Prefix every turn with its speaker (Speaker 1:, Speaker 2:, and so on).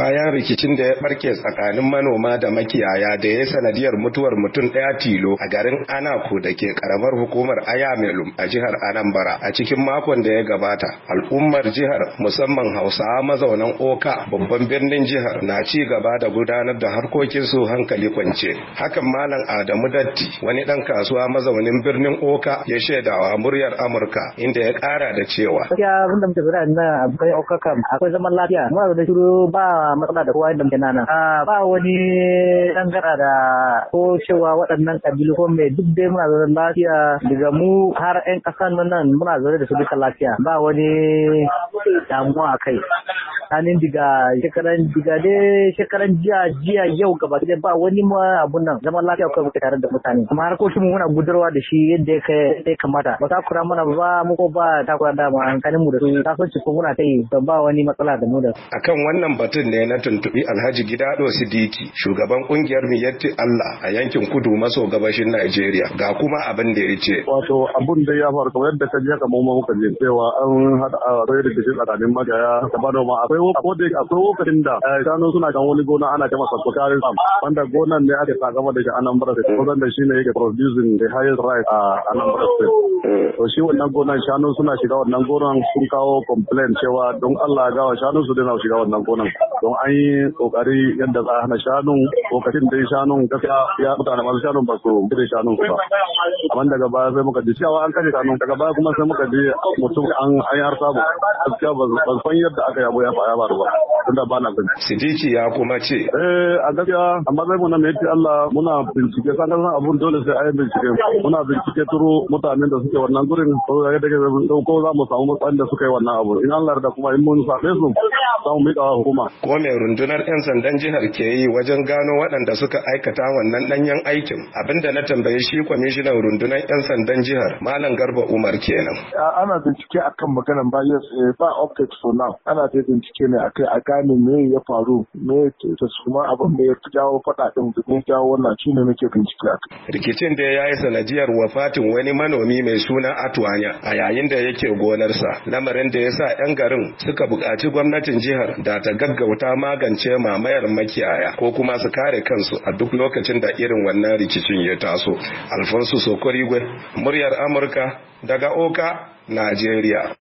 Speaker 1: bayan rikicin da ya barke tsakanin manoma da makiyaya da ya sanadiyar mutuwar mutum ɗaya tilo a garin Anako da ke karamar hukumar Ayamelum a jihar Anambra a cikin makon da ya gabata. Al'ummar jihar musamman Hausawa mazaunan Oka babban birnin jihar na ci gaba da gudanar da harkokin su hankali kwance. Hakan Malam Adamu Datti wani dan kasuwa mazaunin birnin Oka ya shaidawa muryar Amurka inda ya kara da cewa.
Speaker 2: Gaskiya abin da akwai Oka akwai zaman lafiya. Muna da shiru ba matsala da kowa yadda muke A ah, ba wani dangara da ko cewa waɗannan kabilu ko mai duk dai muna zaune lafiya daga mu har 'yan ƙasan nan muna zaune da su duka lafiya ba wani damuwa a kai tsakanin diga shekaran diga ne shekaran jiya jiya yau gaba da ba wani ma abun nan zaman lafiya kawai muka tare da mutane amma harkokin mu muna gudarwa da shi yadda ya kamata ba takura mana ba mu ko ba takura da ma hankalin mu da su kasuwanci ko muna kai don ba wani matsala da mu da
Speaker 1: akan wannan batun ne na tuntubi Alhaji Gidado Sidiki shugaban kungiyar Miyatti Allah a yankin kudu maso gabashin Najeriya ga kuma abin da ya ce wato abun da ya faru kamar yadda ka je ka mu muka
Speaker 3: je cewa an hada a da shi tsakanin magaya ta ba da ma akwai akwai lokacin da eh, shanu suna kan wani gona ana kama sassakarin sam wanda gonan ne aka sakama daga anambra state kusan da shi ne yake producing the highest rice a anambra state mm. to shi wannan gonan shanu suna shiga wannan gonan sun kawo complaint cewa don allah gawa shanu su dina shiga wannan gonan don an yi kokari yadda za a hana shanun lokacin da shanu. gaskiya ya mutane masu shanu ba su gida shanun ba amma daga baya sai muka ji cewa an kashe shanu. daga baya kuma sai muka ji mutum an yi har samu gaskiya ba su san yadda aka yabo ya faɗa ba tunda ba na Sidiki ya kuma ce. Eh a gaskiya a zai muna na mai Allah muna bincike san san abun dole sai ayi bincike muna bincike turu mutanen da suke wannan gurin ko da da ko
Speaker 1: za mu samu matsayin da suka yi wannan abu in Allah da kuma in mun sa su za mu miƙa hukuma. Ko mai rundunar 'yan sandan jihar ke yi wajen gano waɗanda suka aikata wannan ɗanyen aikin abinda na tambayi shi kwamishinan rundunar 'yan sandan jihar Malam Garba Umar kenan.
Speaker 2: Ana
Speaker 3: bincike akan maganan ba yes eh, ba update for now ana ta bincike ne akai a gane me ya
Speaker 1: faru me ta suma abin da ya jawo faɗa ɗin da ya jawo wannan shi ne muke bincike akai. Rikicin da ya yi sanadiyar wafatin wani manomi mai suna Atuanya a yayin da yake gonarsa lamarin da ya sa 'yan garin suka buƙaci gwamnatin jihar jihar da ta gaggauta magance mamayar makiyaya ko kuma su kare kansu a duk lokacin da irin wannan rikicin ya taso alfonso sokorigwe muryar amurka daga oka najeriya